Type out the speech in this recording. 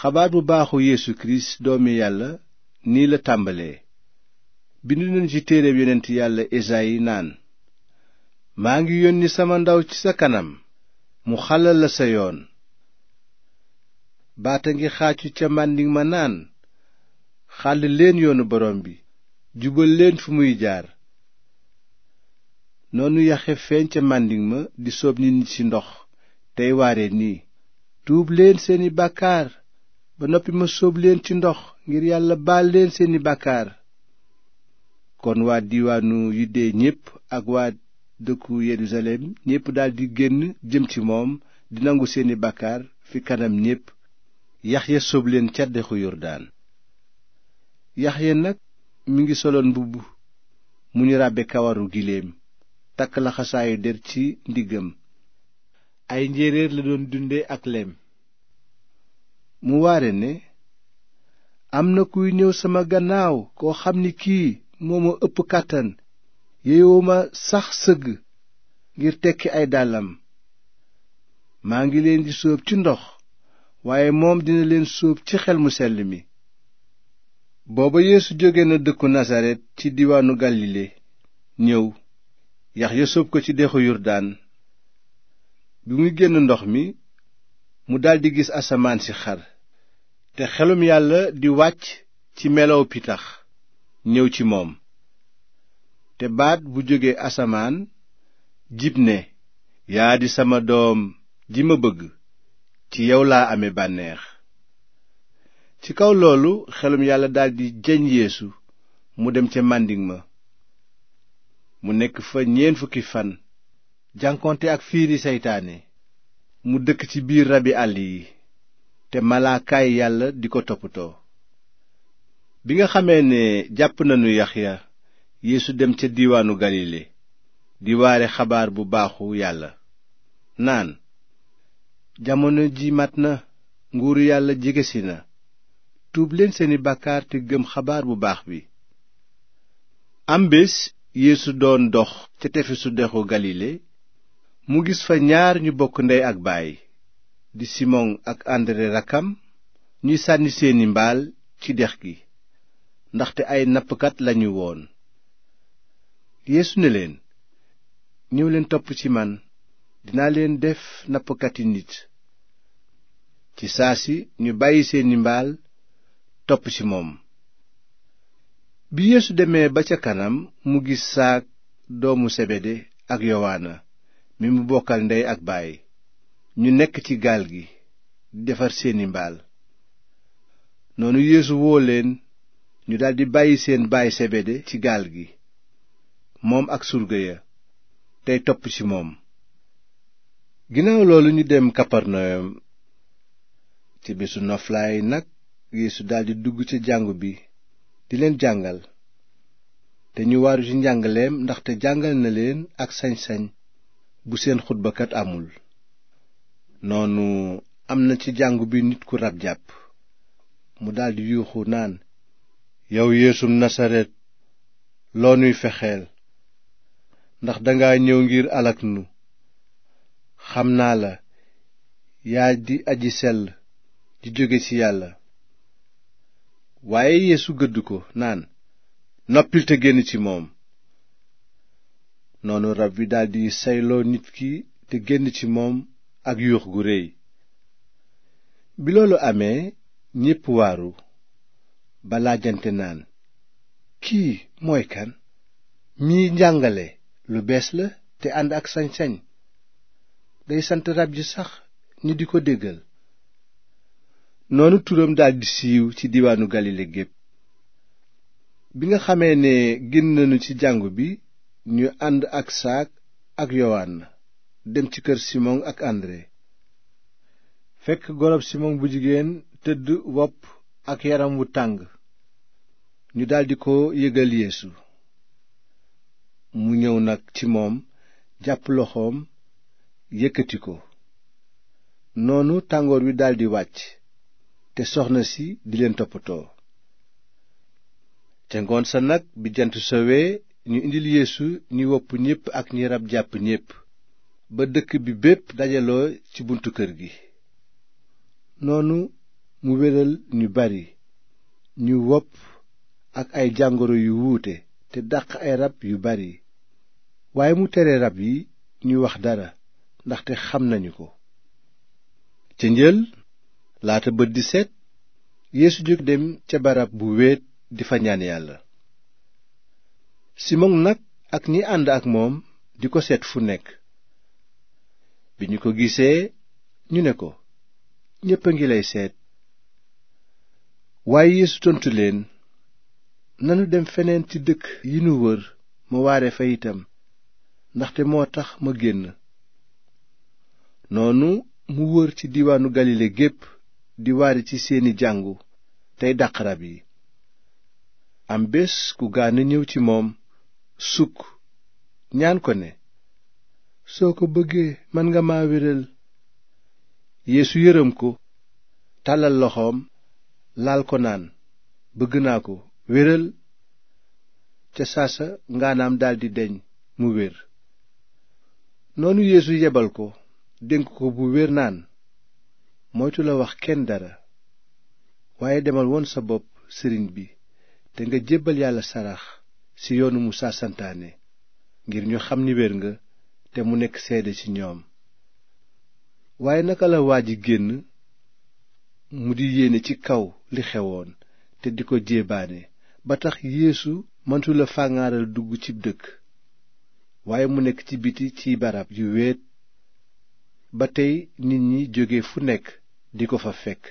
xabaar bu baaxu Yeesu kirist doomi yàlla nii la tàmbalee bind nañu ci téereb yonent yàlla Esayi naan maa ngi yónni sama ndaw ci sa kanam mu xalal la sa yoon baat a ngi xaacu ca màndiŋ ma naan xàll leen yoonu borom bi jubal leen fu muy jaar noonu yaxe feeñ ca màndiŋ ma di soob nit ñi ci ndox tey waare nii tuub leen seeni bàkkaar ba noppi ma sóob leen ci ndox ngir yàlla baal leen seeni bàkkaar kon waa diwaanu yu yuddee ñépp ak waa dëkku yerusalem ñépp daldi génn jëm ci moom di nangu seeni bàkkaar fi kanam ñépp yax sóob leen ca dexu yordaan yaxya nag mu ngi soloon mbubb mu ñu ràbbe kawaru giléem takk laxasaayu der ci ndiggam ay njéeréer la doon dunde ak lem mu waare ne am na kuy ñëw sama gannaaw koo xam ni kii moo ëpp kàttan yeyuma sax sëgg ngir tekki ay dàllam maa ngi leen di sóob ci ndox waaye moom dina leen sóob ci xel mu sell mi booba yeesu jóge na dëkku nasaret ci diwaanu galile ñëw yaxya sóob ko ci dexu yurdaan bi muy génn ndox mi mu daldi gis asamaan si xar te xelum yàlla di wàcc ci melow pitax ñëw ci moom te baat bu jóge asamaan jib ne yaa di sama doom ji ma bëgg ci yow laa ame bànneex ci kaw loolu xelum yàlla daldi jeñ yéesu mu dem ca màndiŋ ma mu nekk fa ñeent fukki fan jànkonte ak fiiri seytaane mu dëkk ci biir rabi àll yi te malaakaay yàlla di ko toppatoo bi nga xamee ne jàpp nañu Yaxya yéesu dem ca diiwaanu Galile di waare xabaar bu baaxu yàlla naan jamono ji mat na nguur yàlla jegesi na tuub leen seeni bàkkaar te gëm xabaar bu baax bi am bés Yeesu doon dox ca tefesu dexu Galile mu gis fa ñaar ñu bokk ndey ak baay di simoŋ ak andre rakkam ñuy sànni seeni mbaal ci dex gi ndaxte ay nappkat lañu woon yeesu ne leen ñëw leen topp ci man dinaa leen def nappkati nit ci saa si ñu bàyyi seeni mbaal topp ci moom bi yeesu demee ba ca kanam mu gis saak doomu sebede ak yowaana mi mu bokkal ndey ak baay ñu nekk ci gaal gi di defar seeni mbaal noonu Yeesu woo leen ñu daldi bàyyi seen baay sebede ci gaal gi moom ak surga ya tey topp ci moom ginnaaw loolu ñu dem Kaparnayom ci bésu noflaay nag Yeesu daldi dugg ci jàngu bi di leen jàngal te ñu waaru ci njàngaleem ndaxte jàngal na leen ak sañ-sañ bu seen xutbakat amul noonu am na ci jàngu bi nit ku rab jàpp mu daldi yuuxu naan yow yeesum nasaret loo nuy fexeel ndax danga ñëw ngir alak nu xam naa la yaa di aji sell di jóge ci yàlla waaye yeesu gëdd ko naan noppil te génn ci moom noonu rab wi daldi sayloo nit ki te génn ci moom ak yuux gu réy bi loolu amee ñépp waaru balaa jante naan kii mooy kan mii njàngale lu bees la te ànd ak sañ-sañ day sant rab yi sax ñu di ko déggal noonu turam daldi siiw ci diiwaanu galile gépp bi nga xamee ne gën nañu ci jàngu bi ñu ànd ak saak ak yowaan dem ci kër Simon ak fekk golob Simon bu jigéen tëdd wopp ak yaram wu tàng ñu daldi ko yëgal yéesu mu ñëw nag ci moom jàpp loxoom yëkkati ko noonu tàngoor wi daldi wàcc te soxna si di leen toppatoo te ngoon sa nag bi jant sowee ñu indil yéesu ñi wopp ñépp ak ñi rab jàpp ñépp ba dëkk bi bépp dajaloo ci buntu kër gi noonu mu wéral ñu bari ñu wopp ak ay jàngoro yu wuute te daq ay rab yu bari waaye mu tere rab yi ñuy wax dara ndaxte xam nañu ko ca njël laata bët di set yeesu jóg dem ca barab bu wéet di fa ñaan yàlla simon nag ak ñi ànd ak moom di ko seet fu nekk bi ñu ko gisee ñu ne ko ñépp a ngi lay seet waaye Yeesu tontu leen nanu dem feneen ci dëkk yi nu wër ma waare fa itam ndaxte moo tax ma génn noonu mu wër ci diiwaanu Galile gépp di waare ci seeni jàngu tey dàq rab yi am bés ku gaana ñëw ci moom sukk ñaan ko ne soo ko bëggee mën nga ma wéral yeesu yërëm ko tàllal loxoom laal ko naan bëgg naa ko wéral ca saasa ngaanaam daldi deñ mu wér noonu yeesu yebal ko dénk ko bu wér naan moytu la wax kenn dara waaye demal won sa bopp sëriñ bi te nga jébbal yàlla sarax ci yoonu musaa santaane ngir ñu xam ni wér nga te mu nekk seede ci ñoom waaye naka la waa ji génn mu di yéene ci kaw li xewoon te di ko jéebaane ba tax yeesu mëntula fàngaaral dugg ci dëkk waaye mu nekk ci biti ci barab yu wéet ba tey nit ñi jóge fu nekk di ko fa fekk